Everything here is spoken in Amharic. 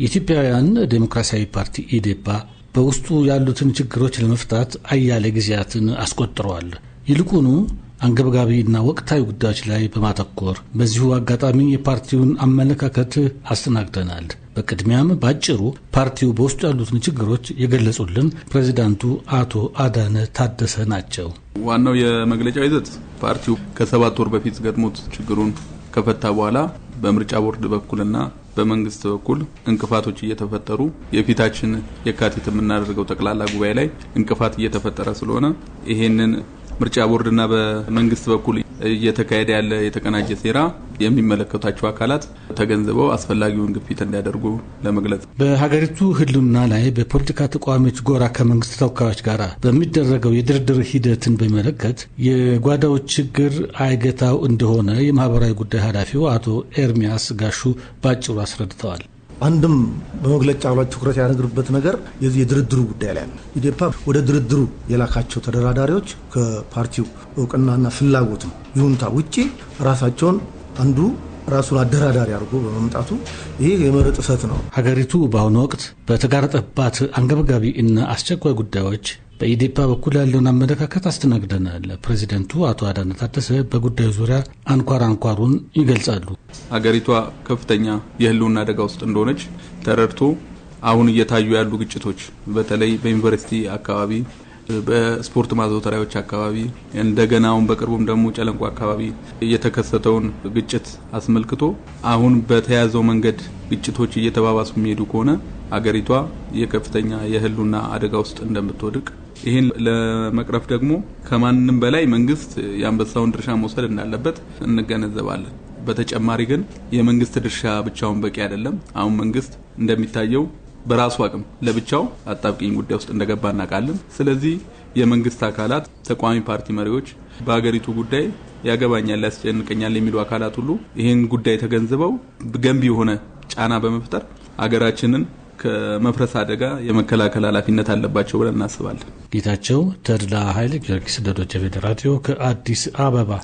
የኢትዮጵያውያን ዴሞክራሲያዊ ፓርቲ ኢዴፓ በውስጡ ያሉትን ችግሮች ለመፍታት አያሌ ጊዜያትን አስቆጥረዋል። ይልቁኑ አንገብጋቢና ወቅታዊ ጉዳዮች ላይ በማተኮር በዚሁ አጋጣሚ የፓርቲውን አመለካከት አስተናግተናል። በቅድሚያም ባጭሩ ፓርቲው በውስጡ ያሉትን ችግሮች የገለጹልን ፕሬዚዳንቱ አቶ አዳነ ታደሰ ናቸው። ዋናው የመግለጫው ይዘት ፓርቲው ከሰባት ወር በፊት ገጥሞት ችግሩን ከፈታ በኋላ በምርጫ ቦርድ በኩልና በመንግስት በኩል እንቅፋቶች እየተፈጠሩ የፊታችን የካቲት የምናደርገው ጠቅላላ ጉባኤ ላይ እንቅፋት እየተፈጠረ ስለሆነ ይሄንን ምርጫ ቦርድና በመንግስት በኩል እየተካሄደ ያለ የተቀናጀ ሴራ የሚመለከታቸው አካላት ተገንዝበው አስፈላጊውን ግፊት እንዲያደርጉ ለመግለጽ በሀገሪቱ ሕልውና ላይ በፖለቲካ ተቃዋሚዎች ጎራ ከመንግስት ተወካዮች ጋር በሚደረገው የድርድር ሂደትን በሚመለከት የጓዳዎች ችግር አይገታው እንደሆነ የማህበራዊ ጉዳይ ኃላፊው አቶ ኤርሚያስ ጋሹ በአጭሩ አስረድተዋል። አንድም በመግለጫ ላይ ትኩረት ያደረግንበት ነገር የዚህ የድርድሩ ጉዳይ ላይ ነው። ኢዴፓ ወደ ድርድሩ የላካቸው ተደራዳሪዎች ከፓርቲው እውቅናና ፍላጎት ነው ይሁንታ ውጪ ራሳቸውን አንዱ ራሱን አደራዳሪ አድርጎ በመምጣቱ ይህ የመርህ ጥሰት ነው። ሀገሪቱ በአሁኑ ወቅት በተጋረጠባት አንገብጋቢ እና አስቸኳይ ጉዳዮች በኢዴፓ በኩል ያለውን አመለካከት አስተናግደናል። ፕሬዚደንቱ አቶ አዳነ ታደሰ በጉዳዩ ዙሪያ አንኳር አንኳሩን ይገልጻሉ። ሀገሪቷ ከፍተኛ የህልውና አደጋ ውስጥ እንደሆነች ተረድቶ አሁን እየታዩ ያሉ ግጭቶች በተለይ በዩኒቨርሲቲ አካባቢ በስፖርት ማዘውተሪያዎች አካባቢ እንደገናውን በቅርቡም ደግሞ ጨለንቆ አካባቢ የተከሰተውን ግጭት አስመልክቶ አሁን በተያዘው መንገድ ግጭቶች እየተባባሱ የሚሄዱ ከሆነ አገሪቷ የከፍተኛ የህልውና አደጋ ውስጥ እንደምትወድቅ ይህን ለመቅረፍ ደግሞ ከማንም በላይ መንግስት የአንበሳውን ድርሻ መውሰድ እንዳለበት እንገነዘባለን። በተጨማሪ ግን የመንግስት ድርሻ ብቻውን በቂ አይደለም። አሁን መንግስት እንደሚታየው በራሱ አቅም ለብቻው አጣብቂኝ ጉዳይ ውስጥ እንደገባ እናውቃለን። ስለዚህ የመንግስት አካላት፣ ተቃዋሚ ፓርቲ መሪዎች፣ በሀገሪቱ ጉዳይ ያገባኛል፣ ያስጨንቀኛል የሚሉ አካላት ሁሉ ይህን ጉዳይ ተገንዝበው ገንቢ የሆነ ጫና በመፍጠር ሀገራችንን። ከመፍረስ አደጋ የመከላከል ኃላፊነት አለባቸው ብለን እናስባለን። ጌታቸው ተድላ ኃይል ጊዮርጊስ ለዶይቼ ቬለ ራዲዮ ከአዲስ አበባ